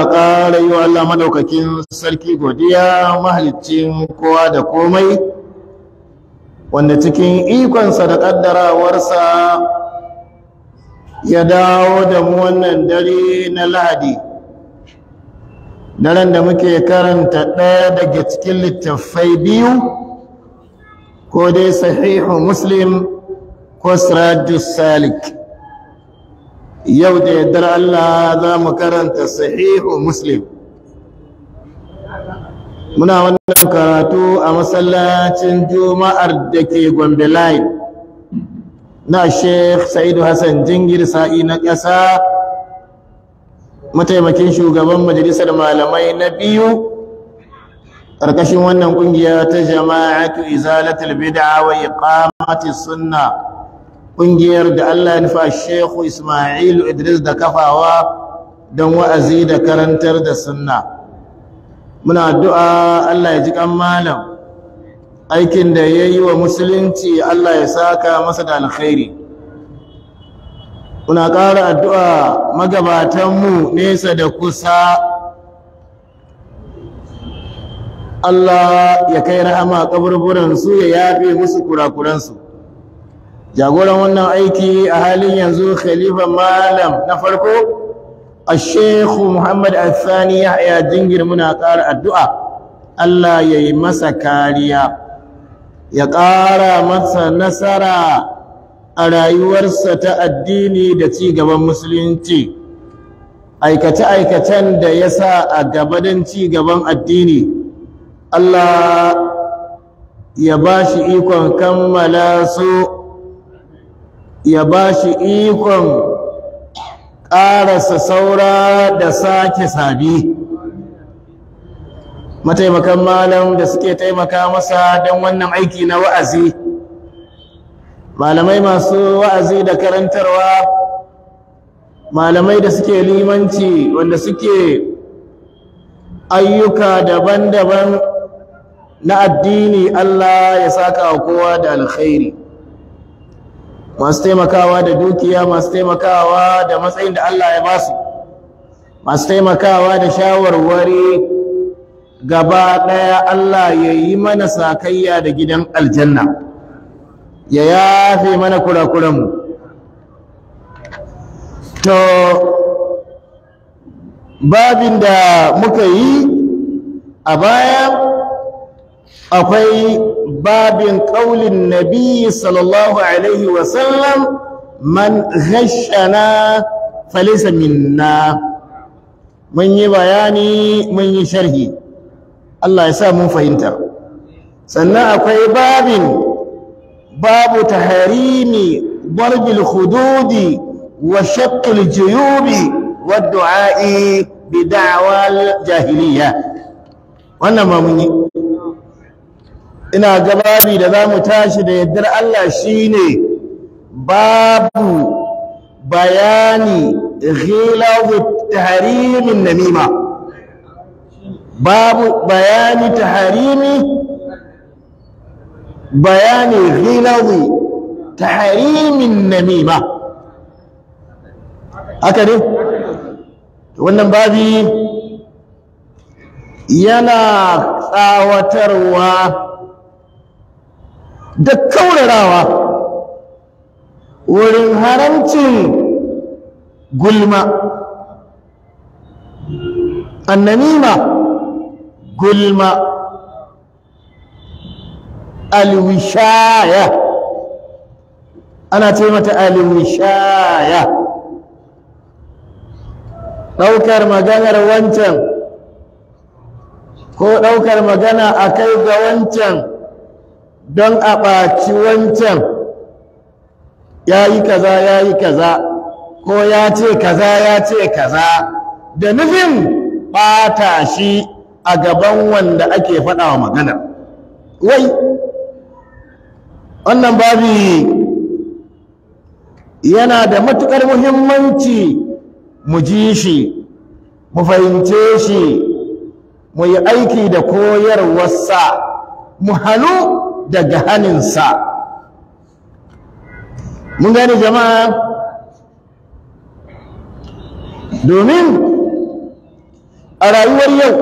ƙara yi wa Allah madaukakin sarki godiya mahalicin kowa da komai wanda cikin ikonsa da ƙaddarawarsa ya dawo da mu wannan dare na lahadi daren da muke karanta ɗaya daga cikin littattafai biyu ko dai sahihu muslim ko siradus salik yau da yardar Allah za mu karanta sahihu muslim muna wannan karatu a masallacin juma'ar da ke gombe line na sheikh sa'idu hassan jingir sa'i na ƙasa mataimakin shugaban majalisar malamai na biyu ƙarƙashin wannan ƙungiya ta jama'atu izalatul bid'a wa iqamati sunna ƙungiyar da Allah ya nufa Shehu Ismail Idris da kafawa don wa'azi da karantar da sunna muna addu'a Allah ya ji kan malam aikin da ya yi wa musulunci Allah ya saka masa da alkhairi muna ƙara addu'a magabatanmu nesa da kusa Allah ya kai rahama ƙaburburansu ya yafe musu kurakuransu jagoran wannan aiki a halin yanzu khalifa malam na farko ashehu muhammad ya yahya jingir muna ƙara addu'a allah ya yi masa kariya ya ƙara masa nasara a rayuwarsa ta addini da ci gaban musulunci aikace-aikacen da ya sa a gabanin ci gaban addini allah ya ba shi ikon kammala su ya ba shi ikon ƙarasa saura da sake sabi mataimakan malam da suke taimaka masa don wannan aiki na wa'azi malamai masu wa'azi da karantarwa malamai da suke limanci wanda suke ayyuka daban-daban na addini Allah ya saka wa kowa da alkhairi masu taimakawa da dukiya masu taimakawa da matsayin da Allah ya ba su masu taimakawa da shawarwari gaba ɗaya Allah ya yi mana sakayya da gidan aljanna ya yafe mana kurakuranmu to babin da muka yi a baya akwai babin ƙaulin nabi sallallahu alaihi wasallam man ghashana falisa minna mun yi bayani mun yi sharhi Allah ya sa mun fahimta sannan akwai babin babu taharimi darbil hududi wa shaqqil juyubi wa du'a'i bi da'wal jahiliya wannan ma mun yi ina gababi da za mu tashi da yaddar Allah shi ne babu bayani ghilazu tahrimin namima babu bayani tahrimi bayani ghilazi tahrimin namima haka ne wannan babi yana tsawatarwa da taurarawa wurin haramcin gulma annamima gulma alwishaya ana ce mata alwishaya ɗaukar maganar wancan ko ɗaukar magana a kai ga wancan don a ɓaci wancan ya yi kaza ya yi kaza ko ya ce kaza ya ce kaza da nufin ɓata shi a gaban wanda ake faɗa wa magana wai wannan babi yana da matuƙar muhimmanci mu ji shi mu fahimce shi mu yi aiki da koyarwarsa mu halu daga haninsa mun gani jama'a domin a rayuwar yau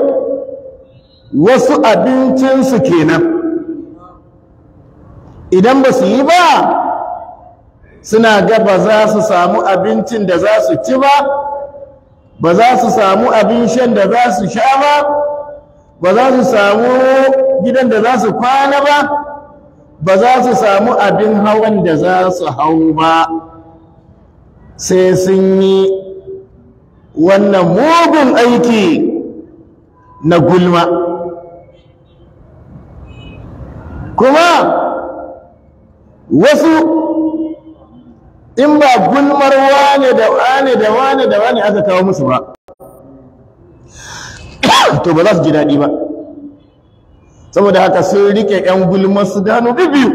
wasu abincinsu kenan idan ba su yi ba suna ga ba za su samu abincin da za su ci ba ba za su samu abin shan da za su sha ba ba za su samu gidan da za su kwana ba ba za su samu abin hawan da za su hau ba sai sun yi wannan mugun aiki na gulma kuma wasu in ba gulmar wane da wane da wane da wane aka kawo musu ba to ba za su ji daɗi ba saboda haka sun rike yan gulmar su gano biyu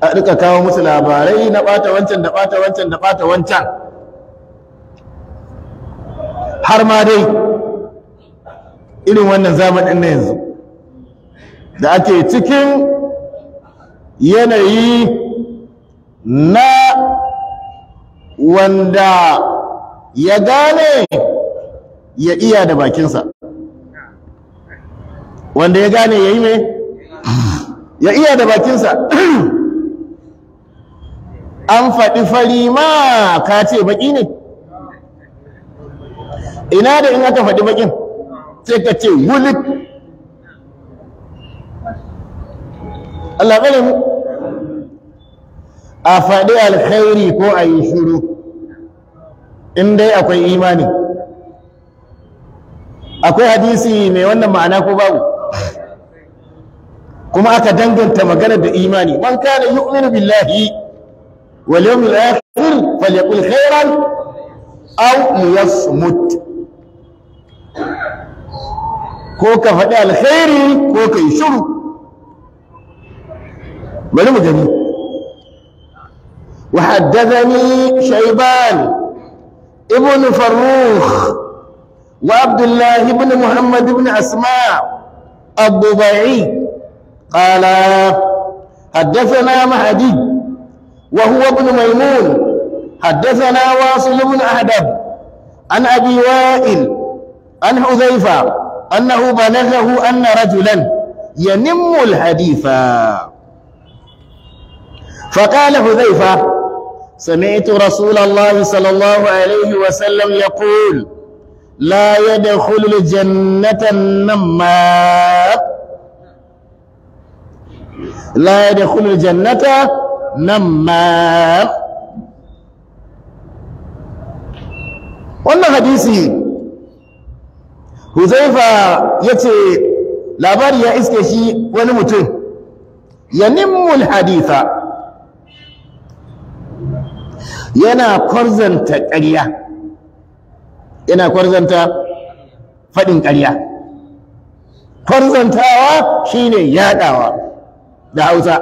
a duka kawo musu labarai na bata wancan da bata wancan da bata wancan har ma dai irin wannan zamanin na yanzu da ake cikin yanayi na wanda ya gane ya iya da bakinsa wanda ya gane ya yi mai ya iya da bakinsa an faɗi fari ma ka ce baƙi ne ina da in aka faɗi baƙin sai ka ce wulik Allah a faɗi alkhairi ko a yi shuru in dai akwai imani akwai hadisi mai wannan ma'ana ko babu kuma aka danganta maganar da imani man kana yu'minu billahi wal yawmil akhir falyaqul khairan aw liyasmut ko ka faɗi alkhairi ko ka yi shiru bari mu gani وحدثني شيبان ابن فروخ وعبد الله بن محمد بن أسماء الضبيعي قال حدثنا مهدي وهو ابن ميمون حدثنا واصل بن أحدب عن أبي وائل عن حذيفة أنه بلغه أن رجلا ينم الحديث فقال حذيفة سمعت رسول الله صلى الله عليه وسلم يقول لا يدخل الجنة النمات لا يدخل الجنة نمات wannan hadisi huzaifa ya ce labari ya iske shi wani mutum ya nimmul haditha yana kwarzanta ƙarya yana kwarzanta faɗin ƙarya kwarzantawa shine yaɗawa da hausa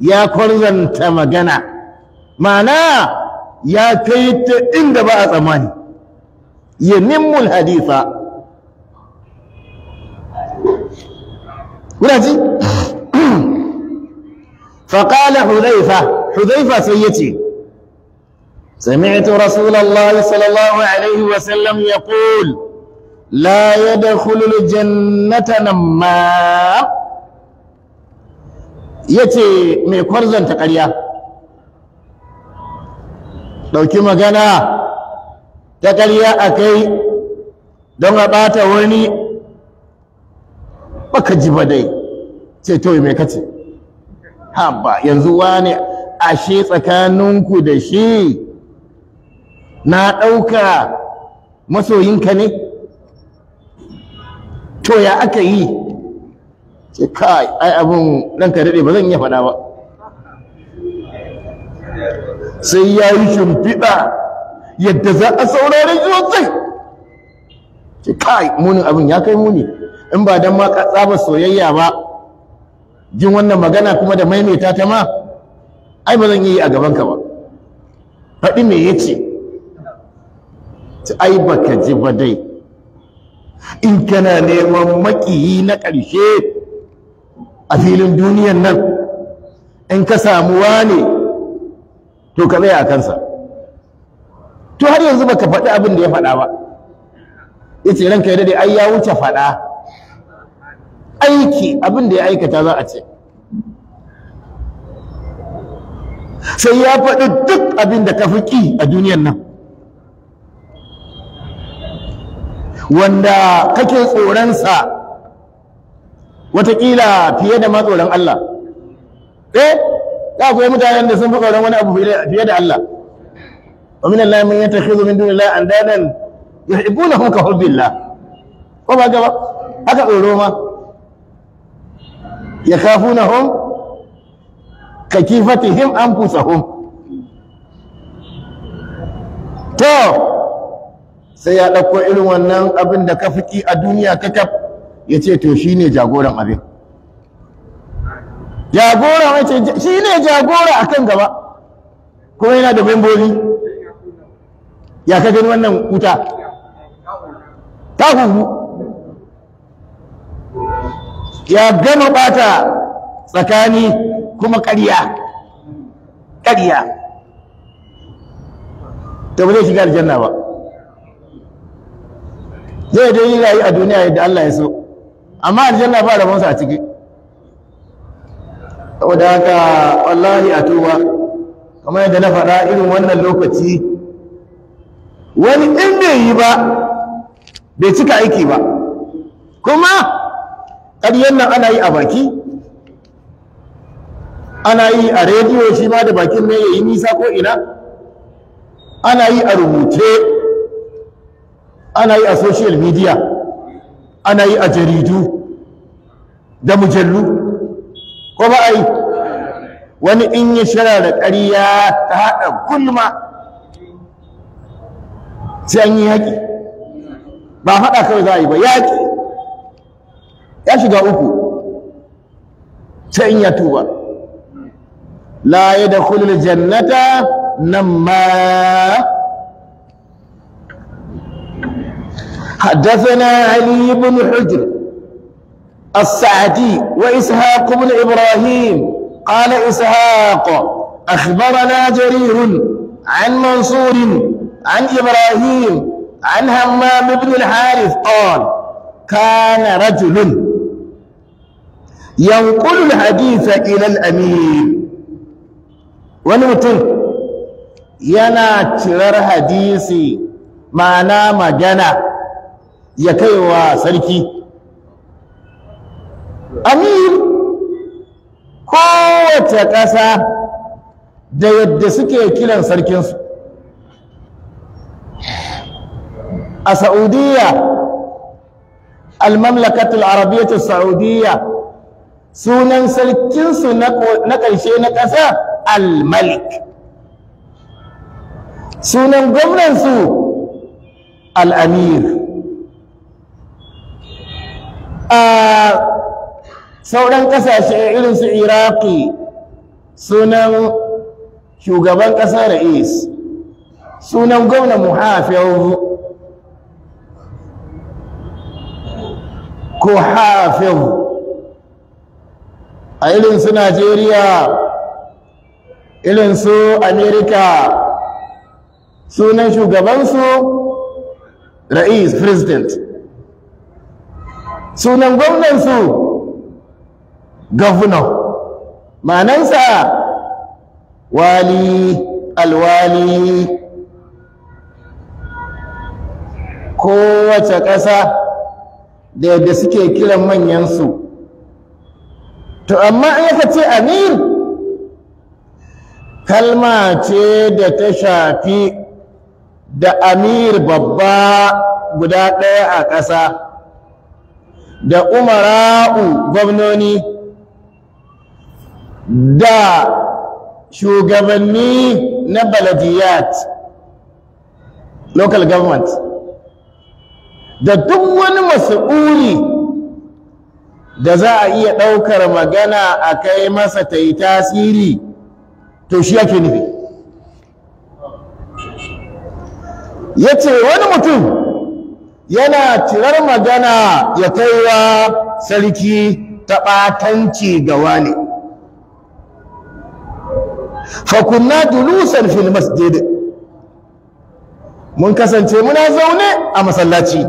ya kwarzanta magana ma'ana ya kai ta inda ba a tsammani ya nimmul haditha kuna ji faƙala sai ya ce سمعت رسول الله صلى الله عليه وسلم يقول لا يدخل الجنة نمام yace mai kwarzanta ƙarya ɗauki magana ta ƙarya a kai don a bata wani baka ji ba dai ce to mai yanzu wani ashe tsakaninku da shi na ɗauka masoyinka ne to ya aka yi ce kai ai abin ranka daɗe ba zan iya faɗa ba sai ya yi shimfiɗa yadda za a saurari sosai ce kai munin abin ya kai muni in ba don ma tsaba soyayya ba jin wannan magana kuma da maimaita ta ma ai ba zan yi a gabanka ba faɗi me ya ce ci ai baka ji ba dai in kana neman makiyi na ƙarshe a filin duniyan nan in ka samu wane to ka tsaya a kansa to har yanzu baka faɗi abin da ya faɗa ba ya ce ranka yadda dai, ai ya wuce faɗa aiki abin da ya aikata za a ce sai ya faɗi duk abin da ka fi ƙi a duniyan nan wanda kake tsoronsa watakila fiye da matsoron Allah eh za ku yi mutanen da sun fi tsoron wani abu fiye da Allah wa min Allah min yattakhidhu min dunillahi andadan yuhibbunahum ka hubbillah ko ba gaba haka tsoro ma yakhafunahum ka kifatihim anfusahum to sai ya ɗauko irin wannan abin da ka fiki a duniya ka kaf ya ce to shi ne jagoran abin jagora wace shi ne jagora a kan gaba kuma yana da membobi ya ka gani wannan wuta ta huhu ya gama bata tsakani kuma ƙarya ƙarya ta ba zai shiga aljanna ba zai dai rayu a duniya yadda Allah ya so amma aljanna ba rabonsa a ciki saboda haka wallahi a tuba kamar yadda na faɗa irin wannan lokaci wani in bai yi ba bai cika aiki ba kuma ƙaryen nan ana yi a baki ana yi a rediyo shi ma da bakin ne ya yi nisa ko ina ana yi a rubuce ana yi a social media ana yi a jaridu da mujallu ko ba a yi wani in yi shara da ƙarya ta haɗa gulma sai an yi haƙi ba haɗa kawai za a yi ba yaƙi ya shiga uku sai in ya tuba la ya da kullum jannata nan ma حدثنا علي بن حجر السعدي وإسحاق بن إبراهيم قال إسحاق أخبرنا جرير عن منصور عن إبراهيم عن همام بن الحارث قال كان رجل ينقل الحديث إلى الأمير ونوتن ينا تشرر حديثي معنا مجنى ya kai wa sarki amir kowace ƙasa da yadda suke kiran sarkinsu a saudiya al arabiyatul saudiya sunan sarkinsu na ƙarshe na ƙasa al-malik sunan gwamnansu al-amir Eh, sauran kasashe irin su iraki sunan shugaban ƙasa ra'is sunan gwamna muhafiz ko hafiz a irin su najeriya irin su amerika sunan shugabansu ra'is president sunan gwamnansu gavuna manansa wali alwali kowace ƙasa da yadda suke kiran manyansu to amma in yaka ce amir kalma ce da ta shafi da amir babba guda ɗaya a ƙasa da umara'u gwamnoni da shugabanni na baladiyat local government da duk wani mas'uli da za a iya ɗaukar magana a kai masa ta yi tasiri to shi yake nufi ya ce wani mutum yana tirar magana ya kaiwa sarki ta ɓatanci ga wani fakunna dulusan fil masjid mun kasance muna zaune a masallaci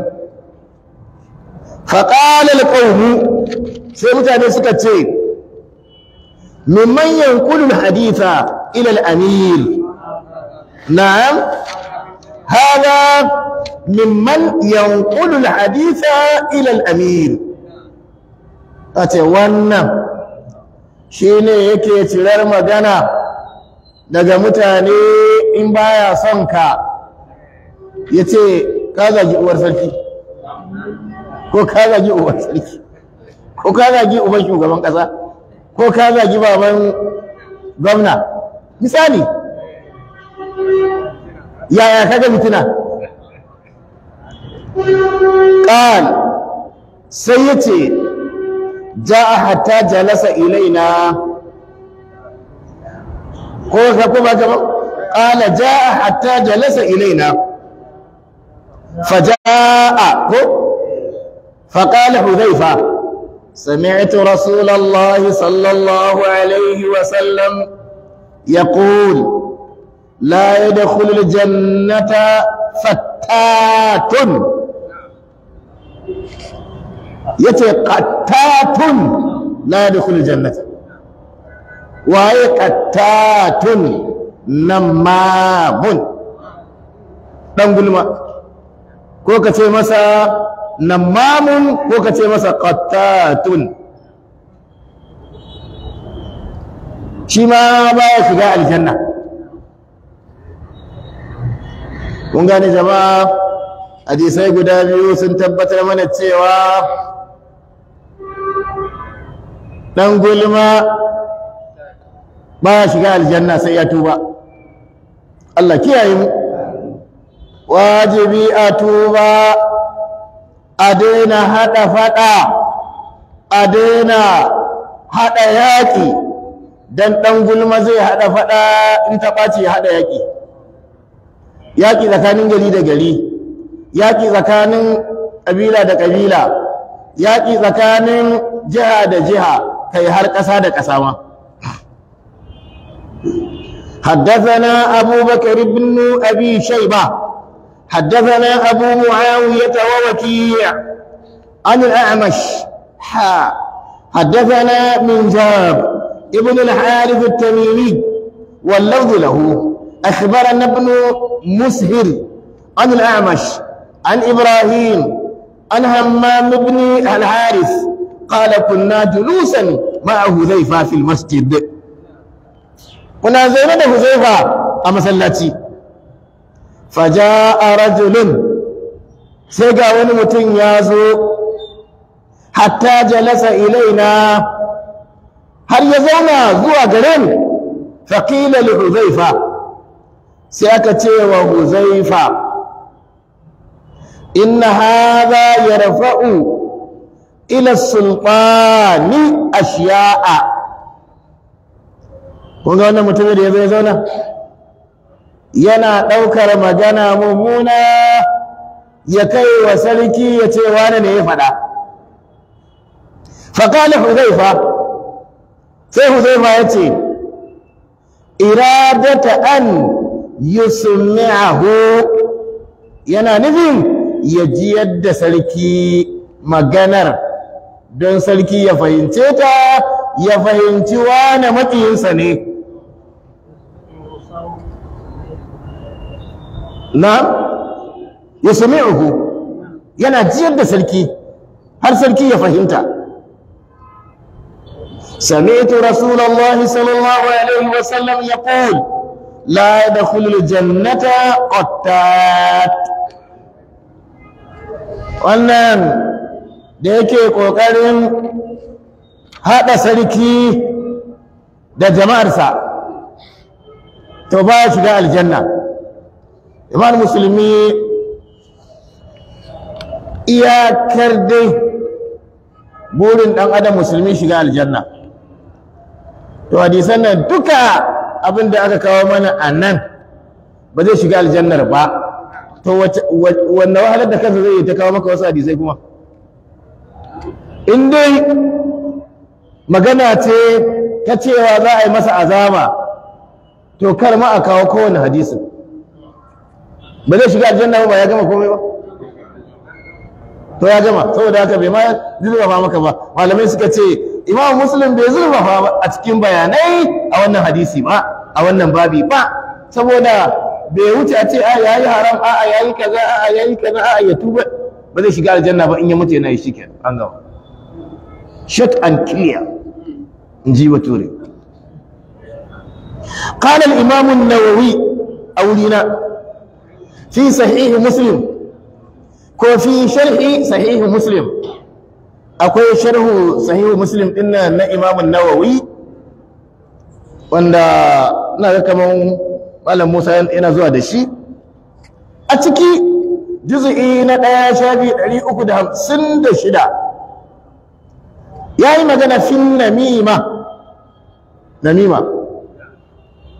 faƙalar ƙaunu sai mutane suka ce manyan yankunan haditha ilal amir na'am هذا ممن ينقل الحديث إلى wannan shi ne yake cirar magana daga mutane in baya son ka ya ce ka zagi uwar sarki ko ka zagi uwar shugaban ƙasa ko ka zagi baban gwamna misali يا يا كجبتنا قال سيتي جاء حتى جلس إلينا قال جاء حتى جلس إلينا فجاء فقال حذيفة سمعت رسول الله صلى الله عليه وسلم يقول la yadkhulul jannata fattatun yace qattatun la yadkhulul jannata waye qattatun namamun dan gulma ko ka ce masa namamun ko ka ce masa qattatun shi ma baya shiga aljanna mun gane jama'a hadisai guda biyu sun tabbatar mana cewa ɗan gulma ba shiga aljanna sai ya tuba Allah kiyaye mu wajibi a tuba a daina haɗa faɗa a daina haɗa yaƙi don ɗan gulma zai haɗa faɗa in ta ɓaci haɗa yaƙi yaki tsakanin gari da gari yaki tsakanin kabila da kabila yaki tsakanin jiha da jiha kai har kasa da kasa ma حدثنا أبو بكر بن أبي شيبة حدثنا أبو معاوية ووكيع عن الأعمش حا حدثنا من جاب ابن الحارث التميمي واللفظ له أخبرنا ابن مسهر عن الأعمش عن إبراهيم عن همام بن الحارث قال كنا جلوسا مع هذيفة في المسجد كنا زينة هذيفة أما سلتي فجاء رجل سيقى ونمتن يازو حتى جلس إلينا هل يزونا ذو أجرين فقيل لحذيفة sai aka ce wa huzaifa inna hadha yarfa'u ila sultani ashiya'a kun ga wannan mutumin da ya zai ya zauna yana ɗaukar magana mummuna ya kai wa sarki ya ce wani ne ya faɗa faƙali huzaifa sai huzaifa ya ce iradata an yusmi'ahu yana nufin ya ji yadda sarki maganar don sarki ya fahimce ta ya fahimci wane makiyinsa ne na yusmi'uhu yana jiyar da sarki har sarki ya fahimta الله صلى الله عليه وسلم يقول la yadkhulul jannata qattat wannan da yake ƙoƙarin haɗa sarki da jama'arsa to ba shiga aljanna Iman musulmi iyakar dai burin ɗan adam musulmi shiga aljanna to hadisan nan duka abin da aka kawo mana a nan ba zai shiga aljannar ba to wanne wahalar da kansa zai yi ta kawo maka wasu hadisai kuma in dai magana ce ta cewa za a yi masa azama, to kar ma a kawo kowane hadisin ba zai shiga aljanna ba ya gama komai ba to ya gama saboda haka bai ma zurfafa maka ba malamai suka ce imam muslim bai zurfafa a cikin bayanai a wannan hadisi ba a wannan babi ba saboda bai wuce a ce a yayi haram a a yayi kaza a a yayi kaza a ya tuba ba zai shiga aljanna ba in ya mutu yana yi shike an gama shut and clear in ji bature قال الإمام النووي أولينا في صحيح مسلم ko fi sharhi sahihu muslim akwai sharhu sahihu muslim din na imamun nawawi wanda na ga kaman malam musa yana zuwa da shi a ciki juz'i na ɗaya shafi ɗari uku da hamsin da shida ya yi magana fin namima namima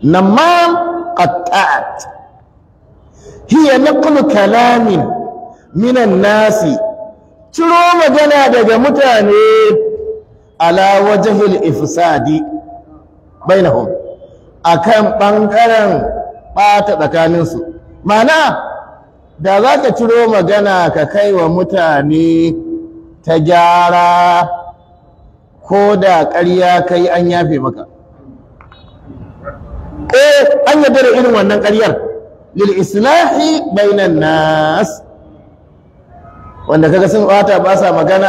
namam qatta'at hiya naqlu kalamin minan nasi ciro magana daga mutane ala wajhil ifsadi bainahum akan bangaren bata tsakaninsu mana da zaka ciro magana ka kai wa mutane ta gyara ko da ƙarya kai an yafe maka eh an yadda da irin wannan ƙaryar lil islahi bainan nas wanda kaga sun bata ba sa magana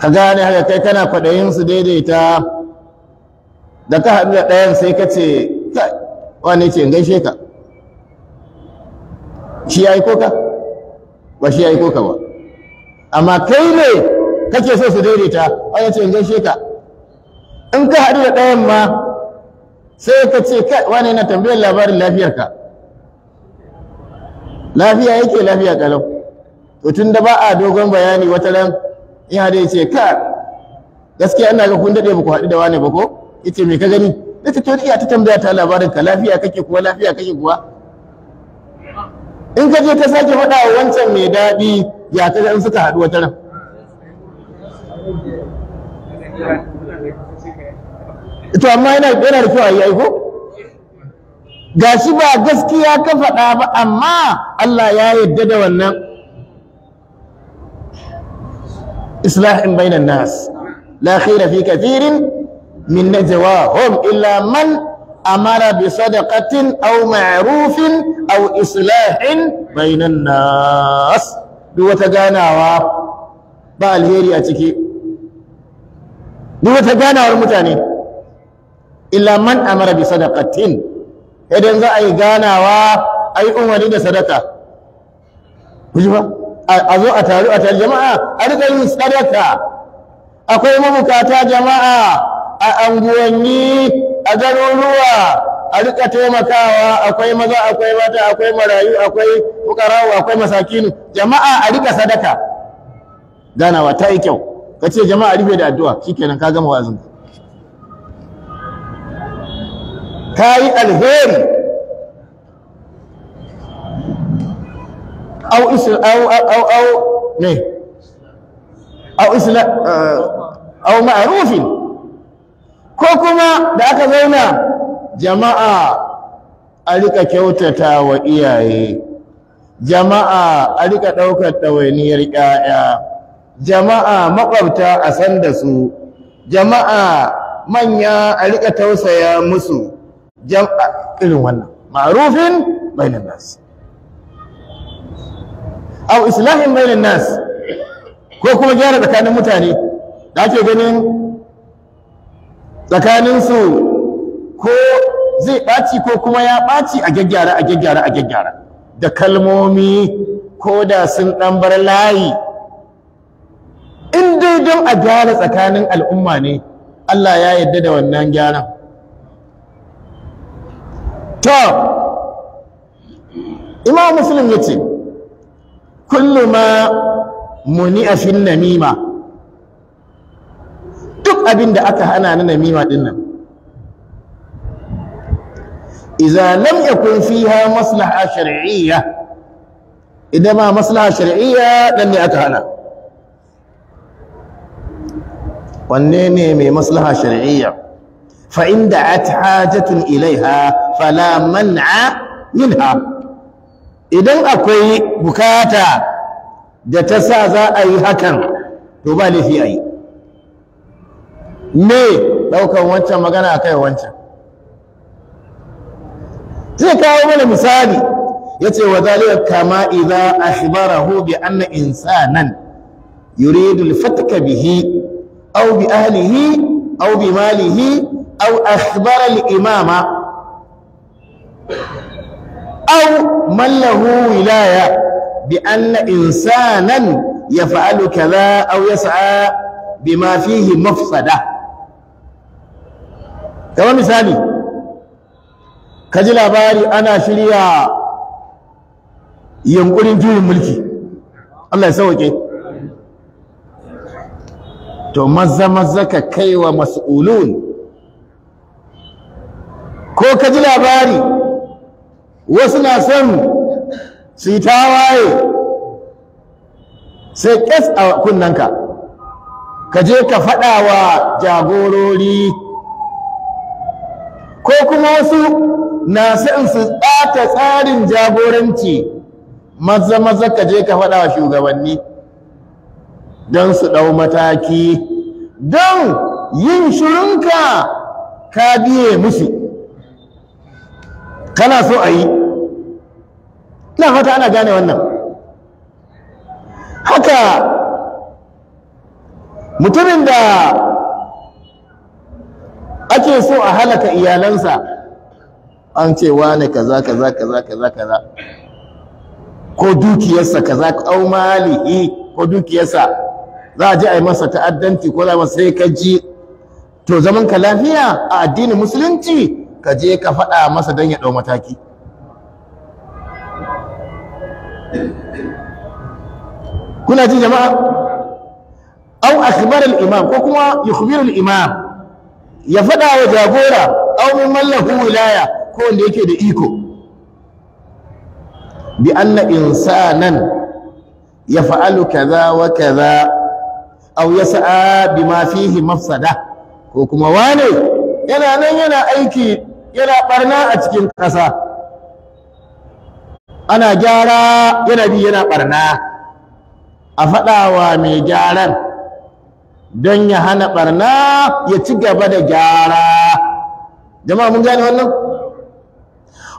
ka gane haka kai kana kwaɗayin su daidaita da ka haɗu da ɗayan sai ka ce wani ce gaishe ka shi ya yi koka ba shi ya yi koka ba amma kai ne kake so su daidaita wani ce gaishe ka in ka haɗu da ɗayan ma sai ka ce wani na tambayar labarin lafiyarka lafiya yake lafiya kalau to tun da ba a dogon bayani wata ran in hada ya ce ka gaskiya ina ga kun daɗe ba ku haɗu da wani ba ko yace me ka gani ta tori iya ta tambaya ta labarin ka lafiya kake kuwa lafiya kake kuwa in ka je ta sake faɗa wa wancan mai daɗi ya ka in suka haɗu wata ran to amma yana yana da kyau a yi ko gashi ba gaskiya ka faɗa ba amma Allah ya yadda da wannan islahin bainan nas la khaira fi kathirin min najwahum illa man amara bi sadaqatin aw ma'rufin aw islahin bainan nas duk wata ganawa ba alheri a ciki duk wata ganawar mutane illa man amara bi sadaqatin idan za a yi ganawa a yi umarni da sadaka kuji ba a zo a taru a taru jama'a a riƙa yin sadaka akwai mabukata jama'a a anguwanni a garuruwa a rika taimakawa akwai maza akwai mata akwai marayu akwai fukarawa akwai masakinu jama'a a rika sadaka ganawa ta yi kyau ka ce jama'a rufe da addu'a shikenan ka gama wazin ka yi alheri au isla au au au ne au isla eh, au ma'rufin ko kuma da aka zauna jama'a a rika kyautata wa iyaye jama'a a rika ɗaukar ɗawainiyar ƴaƴa jama'a maƙwabta a san da su jama'a manya a rika tausaya musu jama'a irin wannan ma'rufin bainan nas Au islahin bainan nas ko kuma gyara tsakanin mutane da ake ganin tsakaninsu ko zai ɓaci ko kuma ya ɓaci a gyaggyara a gyaggyara a gyaggyara da kalmomi ko da sun ɗan bar layi in dai don a gyara tsakanin al'umma ne Allah ya yarda da wannan gyaran to imam muslim ya ce ma muni a fin namima abin da aka hana na namima din nan idza lam yakun fiha maslaha shar'iyya idan ma maslaha shar'iyya dan ne aka hana wanne ne mai maslaha shar'iyya fa in da'at hajatun ilaiha fala man'a minha idan akwai bukata da ta sa za a yi hakan to ba laifi a yi me ɗaukan wancan magana a kai wancan zai kawo mana misali ya ce wa zalika kama idza akhbarahu bi anna insanan yuridu al-fatka bihi aw bi ahlihi aw bi malihi aw akhbara al-imama aw man lahu wilaya bi anna insanan yaf'alu kaza aw yas'a bima fihi mafsada kama misali ka ji labari ana shirya yankurin juyin mulki Allah ya sauke to maza maza ka kai wa mas'ulun ko ka ji labari wasu na son su yi tawaye sai ƙas a kunnanka ka je ka faɗa wa jagorori ko kuma wasu na son su tsata tsarin jagoranci maza maza ka je ka faɗa wa shugabanni don su ɗau mataki don yin shirinka ka biye musu kana so a yi na fata ana gane wannan haka mutumin da ake so a halaka iyalansa an ce wane kaza kaza kaza kaza kaza ko dukiyarsa kaza au malihi ko dukiyarsa za a je a yi masa ta'addanci ko za sai ka ji to zaman ka lafiya a addinin musulunci ka je ka faɗa masa don ya ɗau mataki kuna ji jama'a au akhbar al-imam ko kuma yukhbir al-imam ya faɗa wa jagora aw min mallaku wilaya ko wanda yake da iko bi anna insanan fa'alu kaza wa kaza aw yas'a bima fihi mafsada ko kuma wane yana nan yana aiki yana barna a cikin ƙasa ana gyara yana bi yana barna a faɗawa mai gyaran don ya hana barna ya ci gaba da gyara jama'a mun gane wannan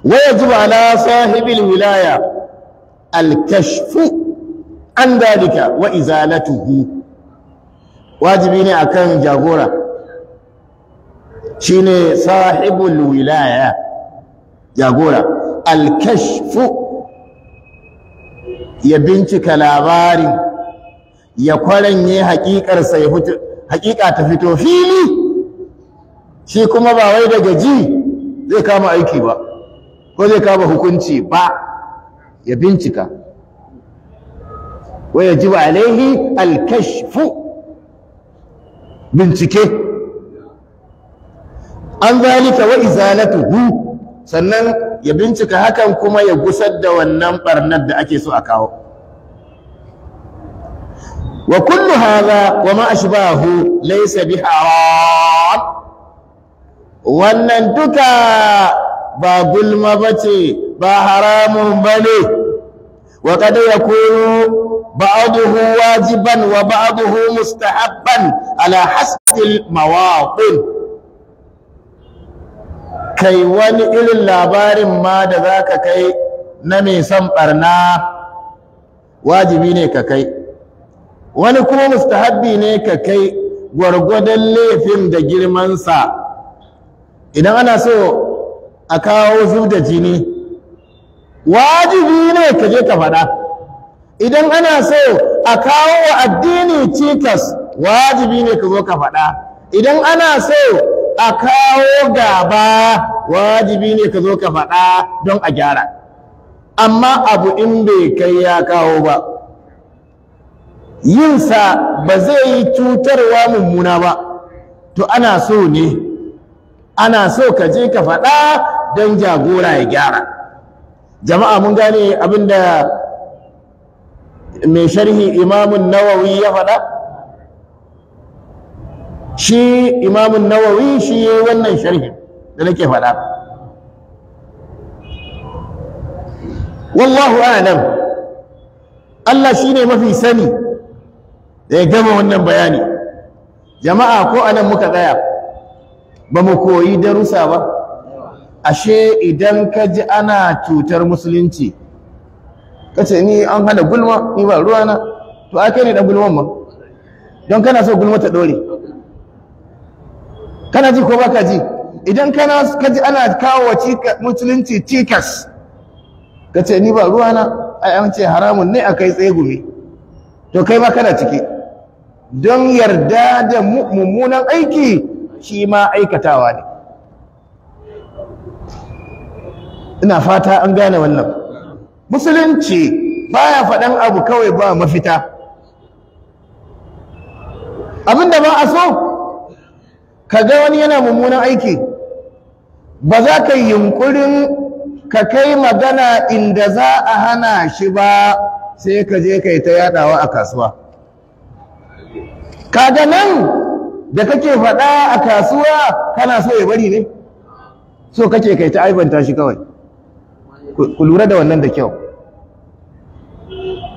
waya zuba ala sahibil wilaya alkashfu an dalika wa izalatuhu wajibi ne akan jagora shine sahibul wilaya jagora alkashfu ya bincika labarin ya kwaranye haƙiƙarsa ya fito haƙiƙa ta fito fili shi kuma ba wai daga ji zai kama aiki ba ko zai kama hukunci ba ya bincika wa yajibu alaihi alkashfu bincike an zalika wa izalatuhu sannan ya bincika hakan kuma ya gusar da wannan ɓarnar da ake so a kawo wa kullu hadha wa ma ashbahu laysa wannan duka ba gulma bace ba haramun bane wa qad yakunu wajiban wa وبعضه مستحبا على حسب المواطن kai wani irin labarin ma da za ka kai na mai son ɓarna wajibi ne ka kai wani kuma mustahabbi ne ka kai gwargwadon laifin da girmansa idan ana so a kawo zub da jini wajibi ne ka je ka faɗa idan ana so a kawo wa addini cikas wajibi ne ka zo ka faɗa idan ana so a kawo gaba wajibi ne ka zo ka faɗa don a gyara amma abu in bai kai ya kawo ba yinsa ba zai yi cutarwa mummuna ba to ana so ne ana so ka je ka faɗa don jagora ya gyara jama'a mun gane abinda mai sharhi imamun nawawi ya faɗa shi imamun nawawi shi ya yi wannan sharhi da nake faɗa wallahu alam Allah shi ne mafi sani zai gama wannan bayani jama'a ko anan muka tsaya ba mu koyi darussa ba ashe idan ka ji ana cutar musulunci ka ce ni an hana gulma ni ba ruwana to a kai ne dan gulman ma don kana so gulma ta dore kana ji ko baka ji idan kana ka ji ana kawo musulunci cikas ka ce ni ba ruwana ai an ce haramun ne a kai tsaye gumi to kai ma kana ciki don yarda da mummunan aiki shi ma aikatawa ne ina fata an gane wannan musulunci baya faɗan abu kawai ba mafita abinda ba a so kaga wani yana mummunan aiki ba za ka yi yunkurin ka kai magana inda za a hana shi ba sai ka je ka yi ta yadawa a kasuwa kaga nan da kake faɗa a kasuwa kana so ya bari ne so kake kai ta aibanta shi kawai ku lura da wannan da kyau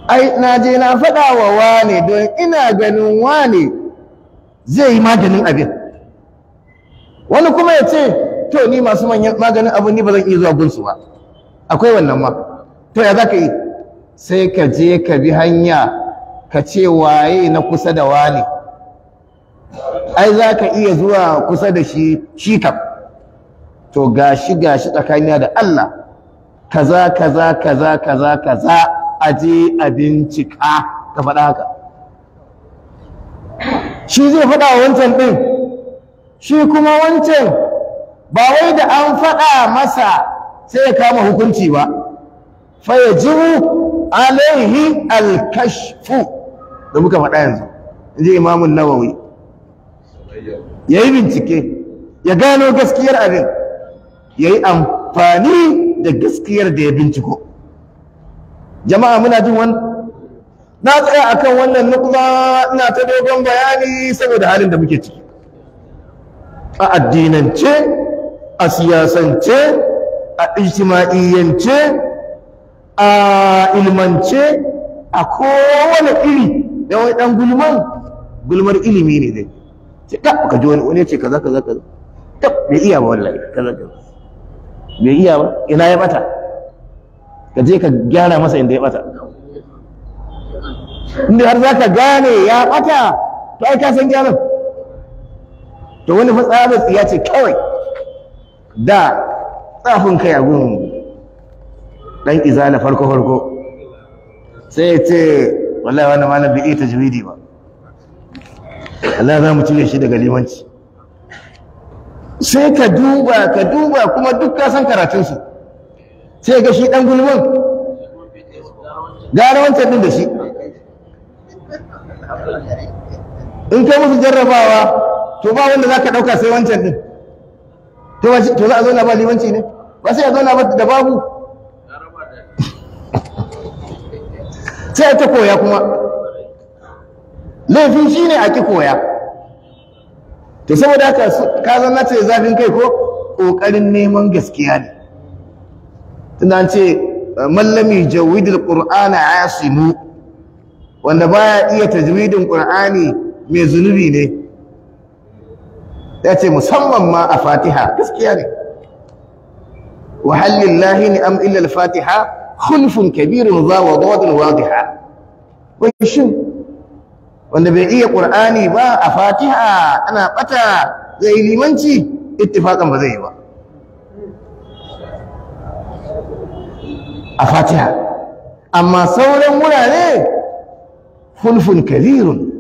ai na je na faɗa wa wane don ina ganin wane zai yi maganin abin wani kuma ya ce to ni masu maganin abin ni ba zan iya zuwa gunsu ba akwai wannan ma to ya za ka yi sai ka je ka bi hanya ka ce waye na kusa da wane ai za ka iya zuwa kusa da shi shi kam to gashi gashi tsakaniya da Allah kaza kaza kaza kaza kaza aje a bincika ka faɗa haka shi zai faɗa wancan ɗin shi kuma wancan ba wai da an faɗa masa sai ya kama hukunci ba fa yajibu alaihi alkashfu da muka faɗa yanzu in ji imamun nawawi ya yi bincike ya gano gaskiyar abin ya yi amfani da gaskiyar da ya binciko jama'a muna jin wani na tsaya a kan wannan nukuma na ta dogon bayani saboda halin da muke ciki a addinance a siyasance a ishimaiyance a ilmance a kowane iri da ɗan gulman gulmar ilimi ne dai Sai ta ka ji wani wani ce kaza kaza kaza ta bai iya ba wallahi kaza kaza bai iya ba ina ya bata ka je ka gyara masa inda ya bata inda har za ka gane ya bata to ai ka san gyaran to wani fitsarin tsiya ce kawai da tsafin kai a gun dan izala farko farko sai ya ce wallahi wannan malam bai iya tajwidi ba Allah za mu cire shi daga limanci sai ka duba ka duba kuma duk ka san su sai ga shi dan gulman gara wancan din da shi in ka musu jarrabawa to ba wanda za ka ɗauka sai wancan din. to za a zauna ba limanci ne ba sai a zauna ba da babu sai ta koya kuma laifin shi ne a ki koya Ta saboda haka ka zan nace zafin kai ko ƙoƙarin neman gaskiya ne tunda ce mallami jawidul ya asimu wanda baya iya tajwidin Ƙur'ani mai zunubi ne ya ce musamman ma a fatiha gaskiya ne wa lahi ni am illa fatiha khulfun kabirin za wa dawadun wai shin wanda bai iya ƙur'ani ba a fatiha ana ɓata, zai limanci ittifaqan ba zai yi ba a fatiha amma sauran wurare fulfun kabirun